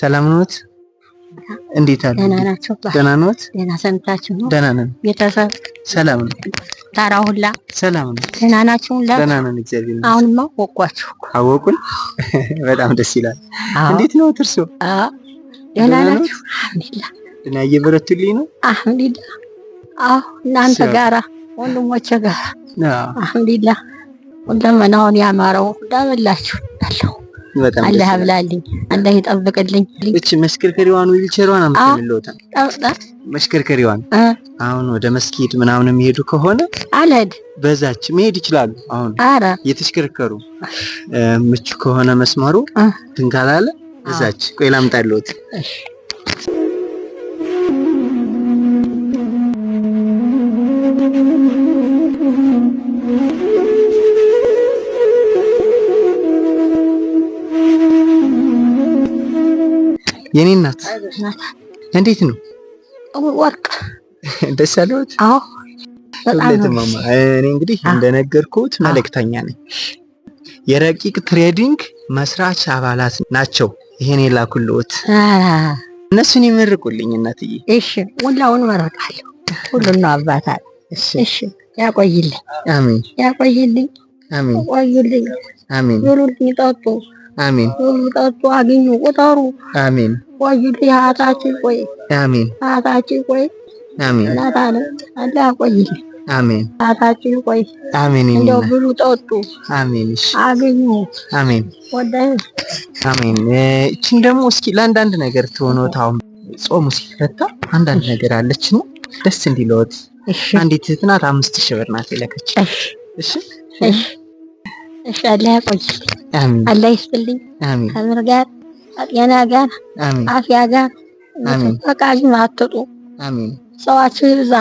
ሰላም ኖት? እንዴት አለ? ደህና ናቸው። ደህና ኖት? ደህና ሰምታችሁ ነው? ደህና ነን። ቤተሰብ ሰላም ነው? ታራ ሁላ ሰላም ነው? ደህና ናችሁ? ሁላ ደህና ነን። እግዚአብሔር ይመስገን። አሁንማ ወቋችሁ። አወቁን። በጣም ደስ ይላል። እንዴት ነው እርሶ? ደህና ናችሁ? አልሐምዱሊላህ። ደህና እየበረቱልኝ ነው? አልሐምዱሊላህ። አዎ እናንተ ጋራ ወንድሞቼ ጋራ አልሐምዱሊላህ ሁለመና አሁን ያማረው ዳምላችሁ ያለው አላህ አብላልኝ፣ አላህ ይጠብቅልኝ። እቺ መሽከርከሪዋን ዊልቸሯን አምጥልሎታ መሽከርከሪዋን አሁን ወደ መስጊድ ምናምን የሚሄዱ ከሆነ አልሄድ በዛች መሄድ ይችላሉ። አሁን እየተሽከረከሩ ምቹ ከሆነ መስመሩ ትንካላለ በዛች ቆይ ላምጣልዎት። የኔ እናት እንዴት ነው? ወርቅ ደስ ያለዎት? አዎ ማማ፣ እኔ እንግዲህ እንደነገርኩት መልእክተኛ ነኝ። የረቂቅ ትሬዲንግ መስራች አባላት ናቸው። ይሄን የላኩልዎት እነሱን ይመርቁልኝ እናትዬ። እሺ፣ ሁላውን እመርቃለሁ። ሁሉን ነው አባት አለ። እሺ፣ ያቆይልኝ። አሜን። ያቆይልኝ። አሜን። ቆዩልኝ። አሜን። ይሉልኝ ጠጡ አሜን። ጠጡ አግኙ ቁጠሩ። አሜን። ቆይልኝ እህታችን ቆይ። አሜን። እህታችን ቆይ። አሜን። ናታለ አለ ቆይልኝ። አሜን። እህታችን ቆይ። አሜን። እንደው ብሉ ጠጡ። አሜን። አግኙ። አሜን። ወዳይ አሜን። እቺን ደግሞ እስኪ ለአንዳንድ ነገር ትሆኖት አሁን ጾሙ ሲፈታ አንዳንድ ነገር አለች ነው ደስ እንዲለዎት። አንዲት እህት ናት፣ አምስት ሺህ ብር ናት የለከች። እሺ እሺ እሺ፣ አላህ ያቆይ። አሚን። አላህ ይስጥልኝ። አሚን። ከምር ጋር ከጤና ጋር አፍያ ጋር ፈቃጅ አትጡ። አሚን። ሰዋችሁ ይብዛ።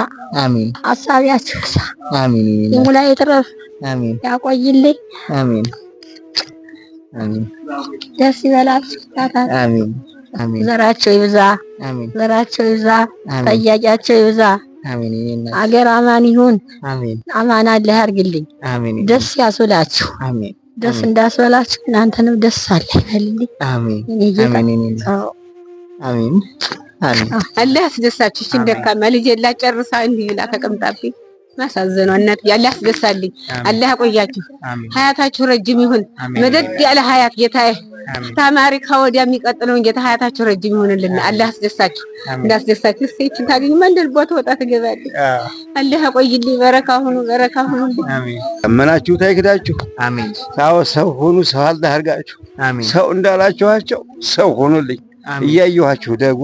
አሚን። አሳቢያችሁ ይብዛ። አሚን። ይሙላ ይትረፍ። አሚን። ያቆይልኝ። አሚን። አሚን። ደስ ይበላችሁ። አሚን። አሚን። ዘራቸው ይብዛ። አሚን። ዘራቸው ይብዛ። ጠያቂያቸው ይብዛ። አሜን። አገር አማን ይሁን። አሜን። አማን አለ ያርግልኝ። አሜን። ደስ ያስበላችሁ። ደስ እንዳስበላችሁ እናንተንም ደስ አለ ይበልልኝ። አሜን። አሜን። አሜን። አሜን። አለ ያስደሳችሁ። እሺ፣ ደካማ ልጅ የላ ጨርሳ እንዲህ ብላ ተቀምጣብኝ ማሳዘኗ እናት ያለ ያስደሳልኝ። አላህ ያቆያችሁ። ሀያታችሁ ረጅም ይሁን። መደድ ያለ ሀያት ጌታዬ ተማሪ ከወዲያ የሚቀጥለውን ጌታ ሀያታቸው ረጅም ይሆንልን። አላህ አስደሳችሁ እንዳስደሳችሁ እስኪ ታገኝ መንደል ቦታ ልቧት ወጣ ትገባለች። አላህ ያቆይልኝ። በረካ ሁኑ፣ በረካ ሁኑ። አመናችሁ ታይክዳችሁ። አሜን። ታው ሰው ሁኑ። ሰው አልዳርጋችሁ። አሜን። ሰው እንዳላችኋቸው ሰው ሁኑልኝ። እያየኋችሁ ደጉ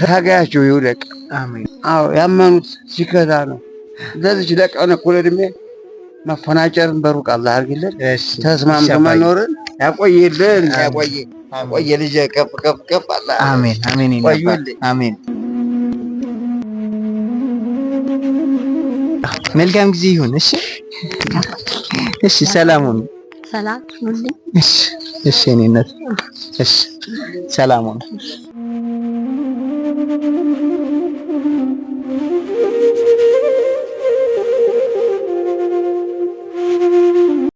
ሳጋያችሁ ይውደቅ። አዎ ያመኑት ሲከዛ ነው። ለዚች ለቀነ እኩል ዕድሜ መፈናጨርን በሩቅ አላህ አድርግልን። ተስማምቶ መኖርን ያቆይልን ያቆይ ያቆይ ልጅ ከፍ ከፍ ከፍ አለ። አሜን አሜን ቆዩልኝ። አሜን መልካም ጊዜ ይሁን። እሺ እሺ፣ ሰላም ሁኑ። ሰላም ሁኑልኝ። እሺ እሺ፣ እኔነት እሺ፣ ሰላም ሁኑ።